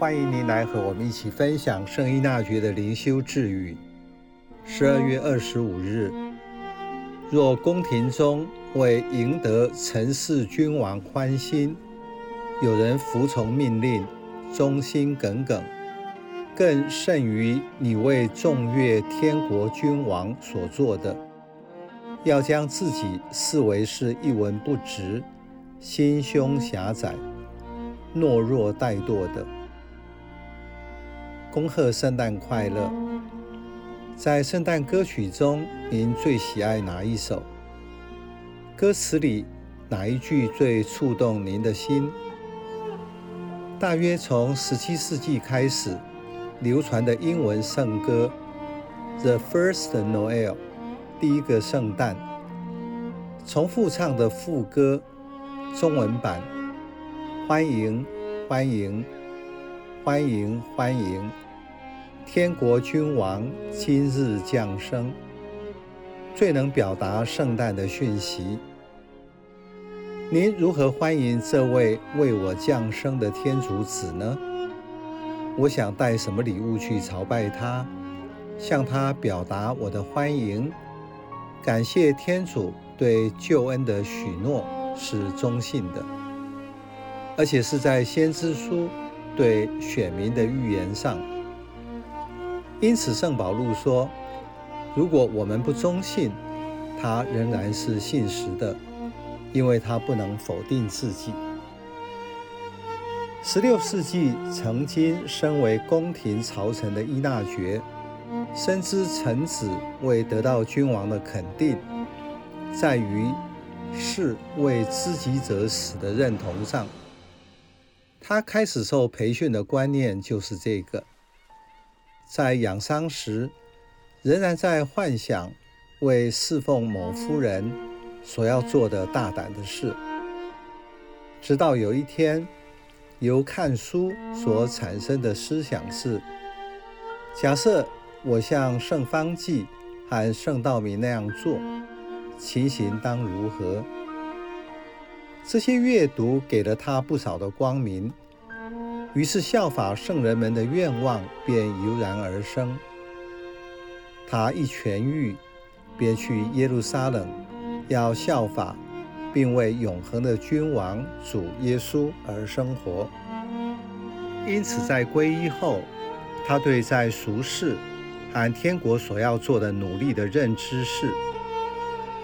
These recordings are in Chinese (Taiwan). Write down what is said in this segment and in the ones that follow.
歡迎您來和我們一起分享聖依納爵的靈修智語。十二月二十五日，若宮廷中為贏得塵世君王歡心，有人服從命令、忠心耿耿，更甚於你為中悅天國君王所做的，要將自己視為是一文不值、心胸狹窄、懦弱怠惰的。恭賀聖誕快樂！在聖誕歌曲中，您最喜愛哪一首？歌詞裡哪一句最觸動您的心？大約從十七世紀開始流傳的英文聖歌《The First Noel》（第一個聖誕），重複唱的副歌，中文版：歡迎，歡迎，歡迎，歡迎。天國君王今日降生，最能表達聖誕的訊息。您如何歡迎這位為我降生的天主子呢？我想帶什麼禮物去朝拜他，向他表達我的歡迎，感謝天主對救恩的許諾是忠信的，而且是在先知書對選民的預言上。因此，聖保祿說：“如果我們不忠信，他仍然是信實的，因為他不能否定自己。”十六世紀曾經身為宮廷朝臣的依納爵，深知臣子為得到君王的肯定，在於士為知己者死的認同上，他開始受培訓的觀念就是這個。在養傷時，仍然在幻想為侍奉某夫人所要做的大膽的事。直到有一天，由看書所產生的思想是：假設我像聖方濟和聖道明那樣做，情形當如何？這些閱讀給了他不少的光明。於是效法聖人們的願望便油然而生。他一痊癒，便去耶路撒冷，要效法，並為永恆的君王主耶穌而生活。因此，在皈依後，他對在俗世和天國所要做的努力的認知是：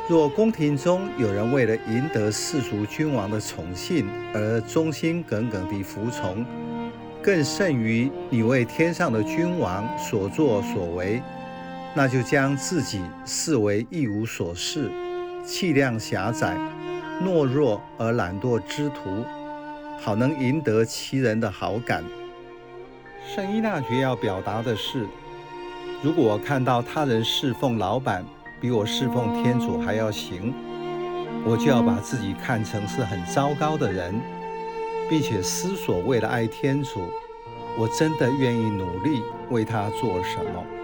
若宮廷中有人為了贏得世俗君王的寵幸而忠心耿耿地服從。更甚於你為天上的君王所作所為，那就將自己視為一無所是、氣量狹窄、懦弱而懶惰之徒，好能贏得其人的好感。聖依納爵要表達的是：如果我看到他人侍奉老闆比我侍奉天主還要行，我就要把自己看成是很糟糕的人。並且思索，為了愛天主，我真的願意努力為他做什麼？